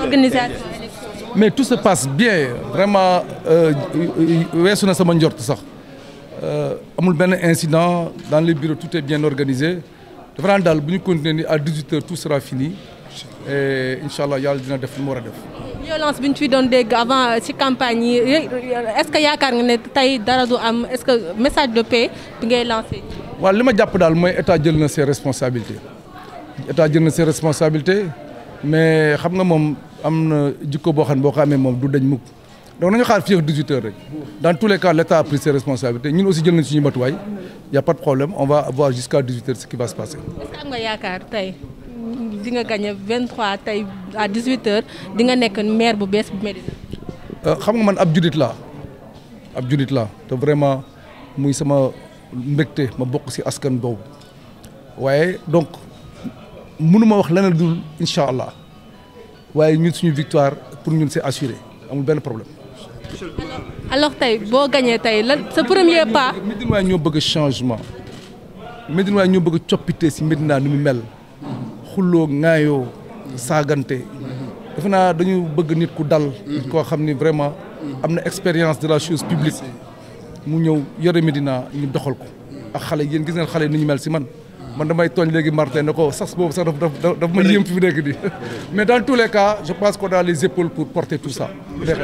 organisation mais tout se passe bien vraiment euh, weesu na sama njort sax euh, amul benn incident dans le bureaux tout est bien organisé dafa naan daal bu ñu continuer ni à 18 tout sera fini et incha allah yàlla dina def li mu war a def. violence bi ñu fi doon dégg avant si euh, campagne yi est-ce que yaakaar nga ne tey dara du am est-ce que message de paix bi ngay lancé. waaw li ma jàpp daal mooy état jël na ses responsabilités état jël na ses responsabilités. mais xam nga moom am na jikko boo xam ne boo ko amee moom du dañ mukk donc nañu xaar fii ak 18 heures rek dans tous les cas l' a pris ses responsabilités ñun aussi jël nañ suñu matuwaay y' a pas de problème on va voir nga yaakaar tey di nga gagné 23 tey à 18 heures nga nekk maire bu bees bu Médina. Euh, xam nga man ab julit la ab julit la te vraiment muy sama mbégte ma bokk si askan boobu waaye donc. mënuma wax leneen dul incha allah waaye ñun suñu victoire pour ñun c'est assuré amul benn problème. alors tey boo gagné tey lan sa premier pas. Médina waay ñoo bëgg changement Médina waay bëgg coppite si Médina ni mu mel xulloo ŋaayoo saagante defe naa dañu bëgg nit ku dal. nit koo xam ni vraiment am na expérience de la chose publique mu ñëw yore Médina ñu doxal ko. ak xale yéen gis ngeen xale ni ñu mel si man. man damay tooñ léegi Martin ne ko sas boobu sax daf daf daf ma yéem fi nekk nii mais dans tous les pense qu'on a les épaules pour porter tout ça.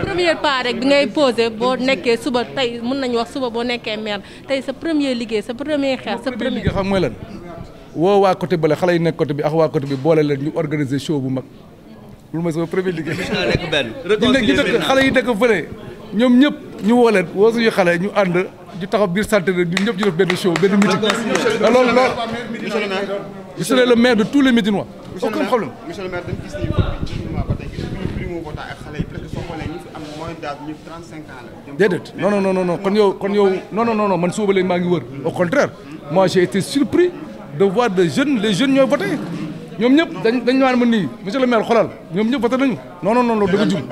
premier pas rek bi ngay posé boo nekkee suba tey mën nañu wax suba boo nekkee maire tey sa premier liggéey sa premier xeex sa premier liggéey xam mooy lan woo waa côté bële xale yi nekk côté bi ak waa côté bi boole leen ñu organiser show bu mag loolu mooy sama premier liggéey. nekk xale yi dëkk fële. ñoom ñëpp ñu woo leen woo suñu xale ñu ànd ñu taxaw biir centenaire ñu ñëpp ñu def benn show benn meeting. loolu loolu monsieur le maire monsieur de tous les Médinois. aucun problème monsieur le maire dañu gis ni déedéet non non non kon yow kon yow man suba maa ngi wër au contraire moi j'ai été surpris de voir des jeunes les jeunes ñooy voté ñoom ñëpp dañ dañ naan ma nii monsieur le maire xoolal ñoom ñëpp voté nañu non loolu dafa jum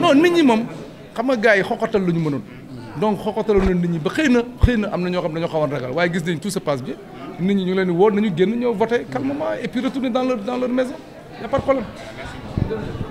non nit ñi moom xam nga gars yi xoqatal lu ñu mënoon donc xoqatal na nit ñi ba xëy na xëy na am na ñoo xam dañoo xawoon ragal waaye gis nañ tout se passe bien nit ñi ñu leen woo nañu génn ñoo voté calmement et puis retourner dans leur maison y a